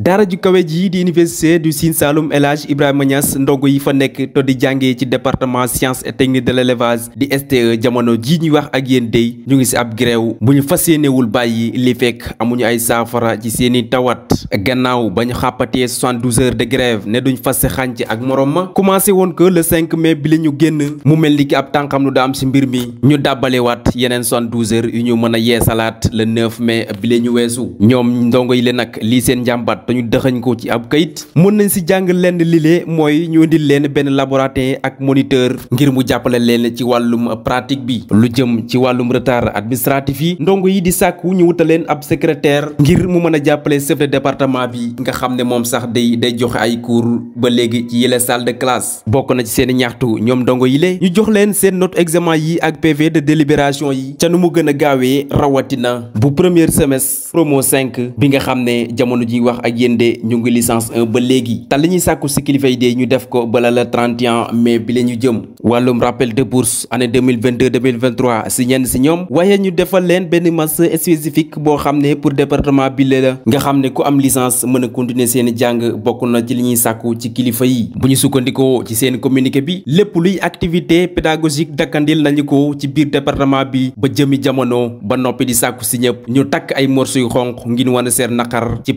daara ju kawe ji di université du Sine Saloum El Hadj Ibrahima ndongo yi fa nekk to di jàngee ci département sciences et techniques de l'élevage di STE jamono ji ñuy wax ak yéen dey ñu ngi si ab grève bu ñu fas yéenewul bàyyi li fekk amuñu ay saafara ci seeni tawat gannaaw ba ñu xàppatee 72 heures de grève ne duñ fas xànc ak morom ma commencé woon que le 5 mais bi la ñu génn mu mel ni ki ab tànqam lu da am si mbir mi ñu dàbbalewaat yeneen 72 heures yu ñu mën a yeesalaat le 9 mai bi la ñu weesu ñoom ndongo yi le nag lii seen njàmbat te ñu dëxañ ko ci ab kayit mën nañ si jàng lenn lile mooy ñu di leen benn laboratin ak moniteur ngir mu jàppale leen ci wàllum pratique bi lu jëm ci wàllum retard administratif yi ndongo yi di sàkku ñu wuta leen ab secrétaire ngir mu mën a jàppale chef de département bi nga xam ne moom sax day day joxe ay cours ba léegi ci yële salle de classe bokk na ci seen ñaxtu ñoom ndongo yi le ñu jox leen seen note examen yi ak PV de délibération yi ca nu mu gën a gaawee rawatina bu premier semestre promo 5 bi nga xam ne jamono ji wax ak yéen de ñu ngi licence ba léegi te li ñuy sàkku si kilifa yi de ñu def ko bala la 31 mai bi la ñu jëm wàllum rappel de bourse année 2022 2023 si ñenn si ñoom waaye ñu defal leen benn masse spécifique boo xam ne pour département bi la nga xam ne ku am licence mën a continuer seen jàng bokk na ci li ñuy sàkku ci kilifa yi bu ñu sukkandikoo ci seen communiqué bi lépp luy activité pédagogique dakkandil nañu ko ci biir département bi ba jëmi jamono ba noppi di sàkku si ñëpp ñu takk ay yu xonq ngir wane seer naqar ci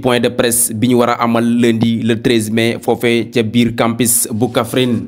bees bi ñu war a amal lundi le 13 mai foofee ca biir campus bu Kaffrine